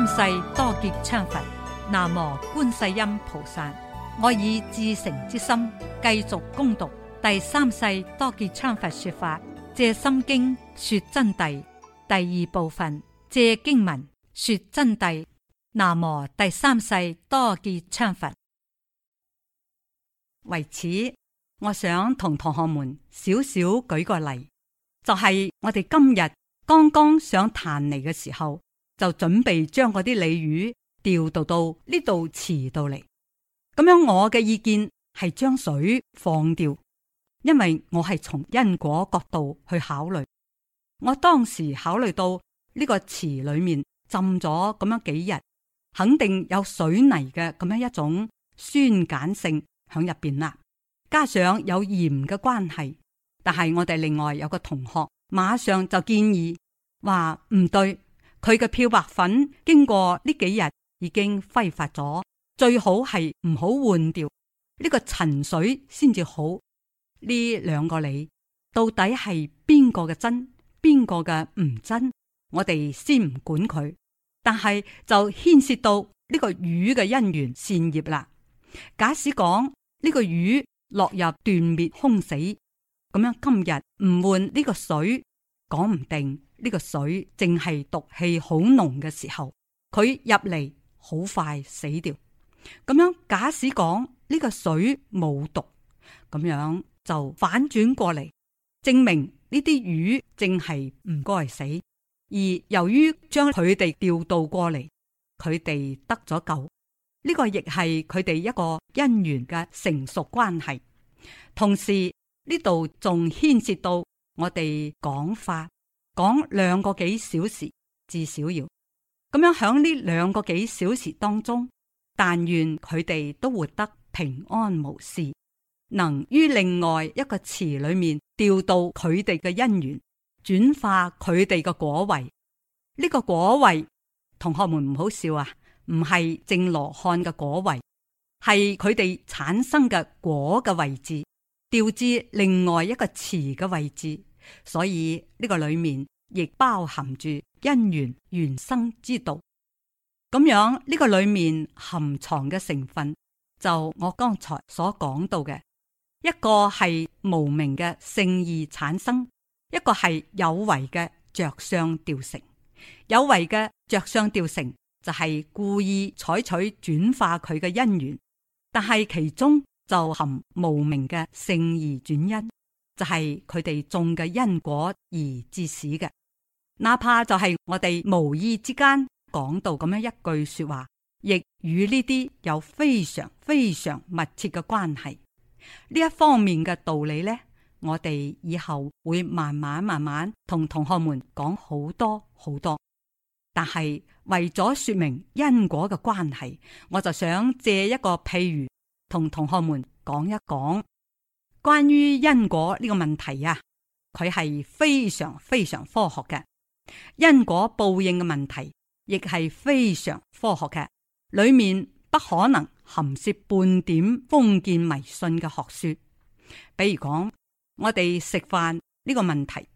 三世多杰羌佛，南無觀世音菩薩。我以至誠之心，繼續恭讀第三世多杰羌佛說法《藉心經》說真諦第二部分《藉經文說真諦》，南無第三世多杰羌佛。為此，我想同同學們少少舉個例，就係、是、我哋今日剛剛想談嚟嘅時候。就準備將嗰啲鯉魚調到到呢度池度嚟，咁樣我嘅意見係將水放掉，因為我係從因果角度去考慮。我當時考慮到呢個池裏面浸咗咁樣幾日，肯定有水泥嘅咁樣一種酸鹼性喺入邊啦，加上有鹽嘅關係。但係我哋另外有個同學馬上就建議話唔對。佢嘅漂白粉經過呢幾日已經揮發咗，最好係唔好換掉呢個陳水先至好。呢兩個你到底係邊個嘅真，邊個嘅唔真，我哋先唔管佢。但係就牽涉到呢個魚嘅因緣善業啦。假使講呢個魚落入斷滅空死，咁樣今日唔換呢個水。講唔定呢個水淨係毒氣好濃嘅時候，佢入嚟好快死掉。咁樣，假使講呢個水冇毒，咁樣就反轉過嚟，證明呢啲魚淨係唔該死。而由於將佢哋調到過嚟，佢哋得咗救。呢個亦係佢哋一個因緣嘅成熟關係。同時呢度仲牽涉到。我哋講法講兩個幾小時，至少要咁樣。喺呢兩個幾小時當中，但願佢哋都活得平安無事，能於另外一個池裏面調到佢哋嘅因緣，轉化佢哋嘅果位。呢、這個果位，同學們唔好笑啊，唔係正羅漢嘅果位，係佢哋產生嘅果嘅位置，調至另外一個池嘅位置。所以呢、這個裏面亦包含住因緣原生之道。咁樣呢、這個裏面含藏嘅成分就我剛才所講到嘅一個係無名嘅性意產生，一個係有為嘅着相調成。有為嘅着相調成就係、是、故意採取轉化佢嘅因緣，但係其中就含無名嘅性意轉因。就係佢哋種嘅因果而致使嘅，哪怕就係我哋無意之間講到咁樣一句說話，亦與呢啲有非常非常密切嘅關係。呢一方面嘅道理呢，我哋以後會慢慢慢慢同同學們講好多好多。但係為咗說明因果嘅關係，我就想借一個譬如同同學們講一講。關於因果呢個問題啊，佢係非常非常科學嘅，因果報應嘅問題亦係非常科學嘅，裏面不可能含攝半點封建迷信嘅學說。比如講，我哋食飯呢個問題，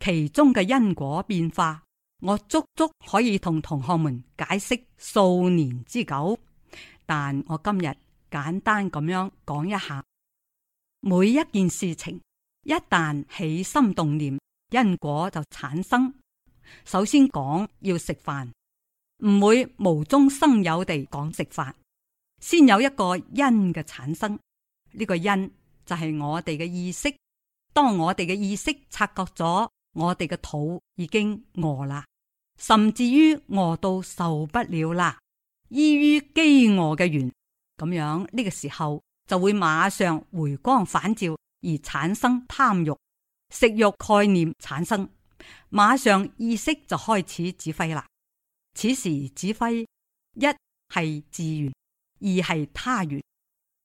其中嘅因果變化，我足足可以同同學們解釋數年之久，但我今日簡單咁樣講一下。每一件事情一旦起心動念，因果就產生。首先講要食飯，唔會無中生有地講食飯，先有一個因嘅產生。呢個因就係我哋嘅意識。當我哋嘅意識察覺咗，我哋嘅肚已經餓啦，甚至於餓到受不了啦。依於飢餓嘅緣，咁樣呢個時候。就會馬上回光返照而產生貪慾、食慾概念產生，馬上意識就開始指揮啦。此時指揮一係自緣，二係他緣。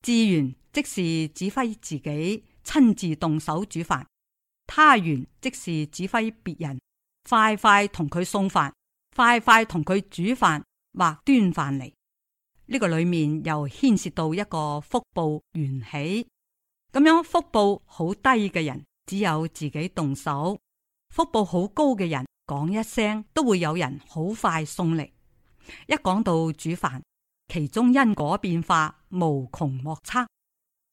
自緣即是指揮自己親自動手煮飯，他緣即是指揮別人快快同佢送飯，快快同佢煮飯或端飯嚟。呢個裏面又牽涉到一個福報緣起，咁樣福報好低嘅人只有自己動手，福報好高嘅人講一聲都會有人好快送嚟。一講到煮飯，其中因果變化無窮莫測。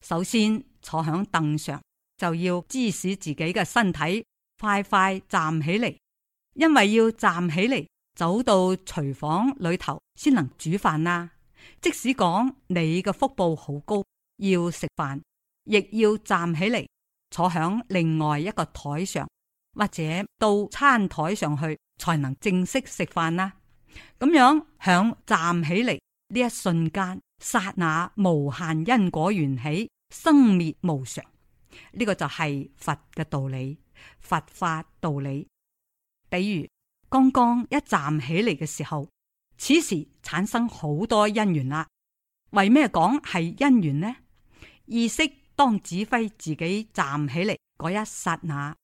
首先坐響凳上就要指使自己嘅身體快快站起嚟，因為要站起嚟走到廚房裏頭先能煮飯啦。即使講你嘅福報好高，要食飯亦要站起嚟，坐喺另外一個台上，或者到餐台上去，才能正式食飯啦。咁樣響站起嚟呢一瞬間，剎那無限因果緣起，生滅無常，呢個就係佛嘅道理，佛法道理。比如剛剛一站起嚟嘅時候。此時產生好多因緣啦。為咩講係因緣呢？意識當指揮自己站起嚟，嗰一刹那，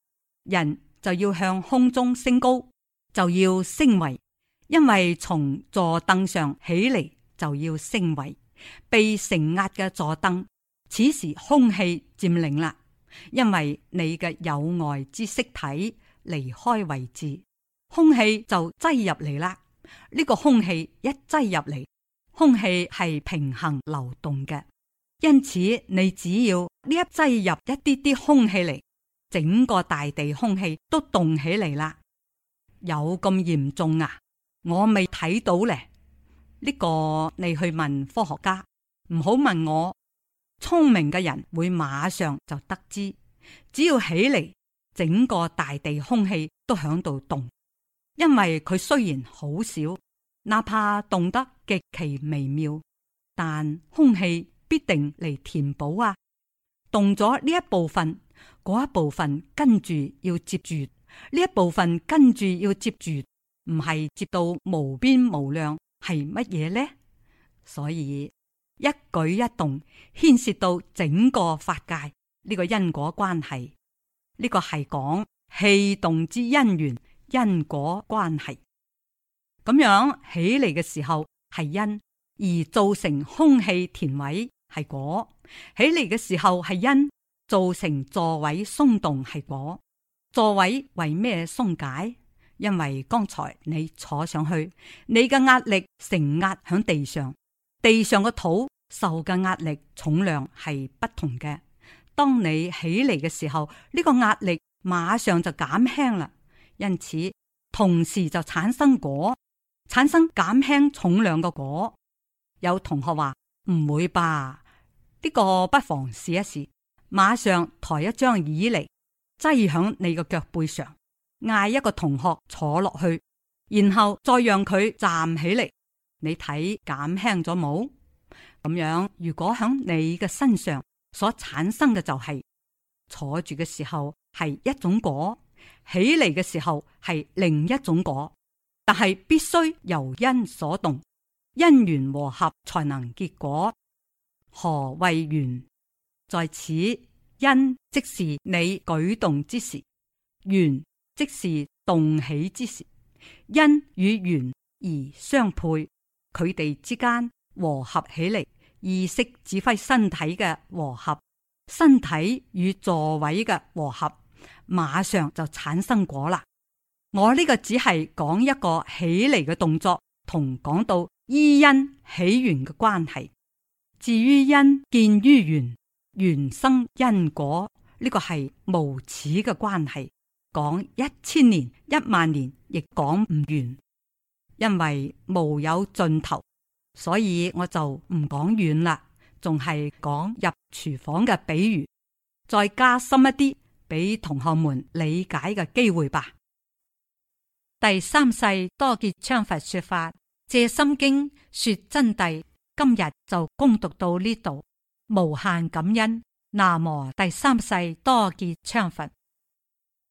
人就要向空中升高，就要升位，因為從坐凳上起嚟就要升位。被承壓嘅坐凳，此時空氣佔領啦，因為你嘅有礙之色體離開位置，空氣就擠入嚟啦。呢個空氣一擠入嚟，空氣係平衡流動嘅，因此你只要呢一擠入一啲啲空氣嚟，整個大地空氣都動起嚟啦。有咁嚴重啊？我未睇到咧，呢個你去問科學家，唔好問我。聰明嘅人會馬上就得知，只要起嚟，整個大地空氣都響度動。因為佢雖然好少，哪怕動得極其微妙，但空氣必定嚟填補啊！動咗呢一部分，嗰一部分跟住要接住呢一部分，跟住要接住，唔係接到無邊無量係乜嘢呢？所以一舉一動牽涉到整個法界呢個因果關係，呢個係講氣動之因緣。因果關係咁樣起嚟嘅時候係因，而造成空氣填位係果；起嚟嘅時候係因，造成座位鬆動係果。座位為咩鬆解？因為剛才你坐上去，你嘅壓力成壓響地上，地上嘅土受嘅壓力重量係不同嘅。當你起嚟嘅時候，呢個壓力馬上就減輕啦。因此，同時就產生果，產生減輕重量嘅果。有同學話唔會吧？呢個不妨試一試，馬上抬一張椅嚟，擠響你嘅腳背上，嗌一個同學坐落去，然後再讓佢站起嚟，你睇減輕咗冇？咁樣如果響你嘅身上所產生嘅就係坐住嘅時候係一種果。起嚟嘅時候係另一種果，但係必須由因所動，因緣和合才能結果。何謂緣？在此因即是你舉動之時，緣即是動起之時。因與緣而相配，佢哋之間和合起嚟，意識指揮身體嘅和合，身體與座位嘅和合。馬上就產生果啦！我呢個只係講一個起嚟嘅動作，同講到依因起源嘅關係。至於因見於緣，緣生因果，呢個係無始嘅關係，講一千年、一萬年亦講唔完，因為無有盡頭，所以我就唔講遠啦。仲係講入廚房嘅比喻，再加深一啲。俾同學們理解嘅機會吧。第三世多杰羌佛說法《藉心經》說真諦，今日就恭讀到呢度，無限感恩。南無第三世多杰羌佛。